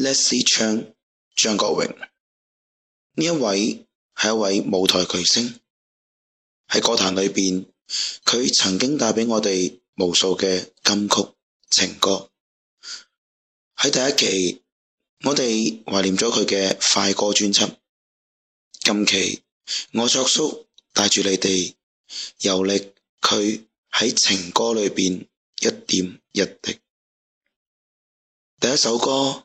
l e s l e 唱張國榮，呢一位係一位舞台巨星，喺歌壇裏邊，佢曾經帶俾我哋無數嘅金曲情歌。喺第一期我哋懷念咗佢嘅快歌專輯，近期我卓叔帶住你哋遊歷佢喺情歌裏邊一點一滴第一首歌。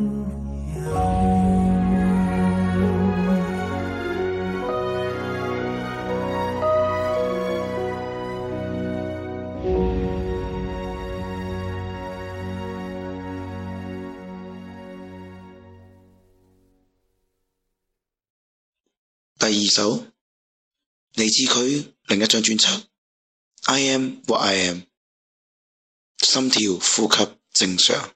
第二首嚟自佢另一張專輯《I Am 或 I Am》，心跳呼吸正常。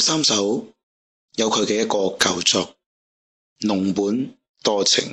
三首有佢嘅一個舊作《儂本多情》。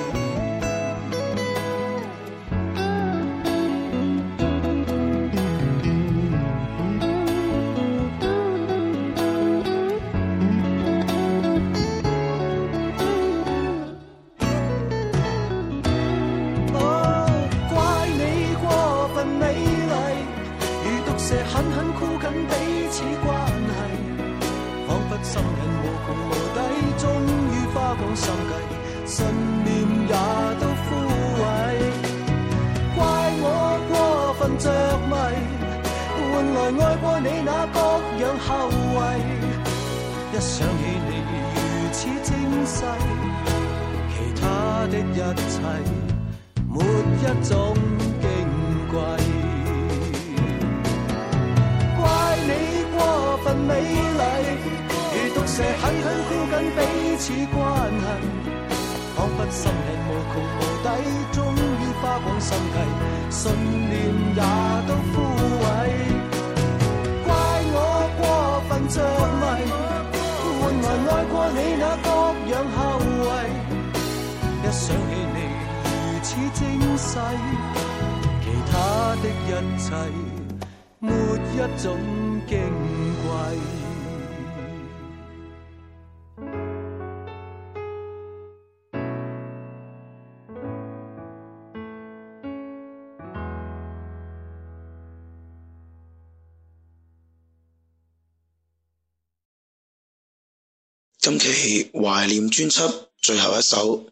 今期懷念專輯最後一首，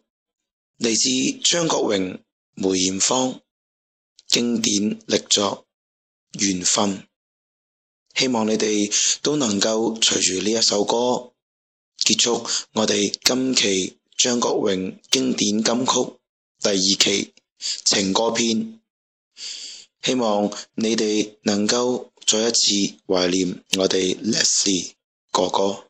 嚟自張國榮、梅艷芳。經典力作《緣分》，希望你哋都能夠隨住呢一首歌結束我哋今期張國榮經典金曲第二期情歌篇。希望你哋能夠再一次懷念我哋 Leslie 哥哥。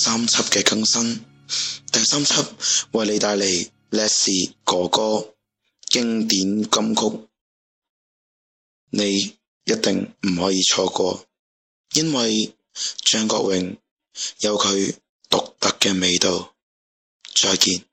三輯嘅更新，第三輯為你帶嚟 Leslie 哥哥經典金曲，你一定唔可以錯過，因為張國榮有佢獨特嘅味道。再見。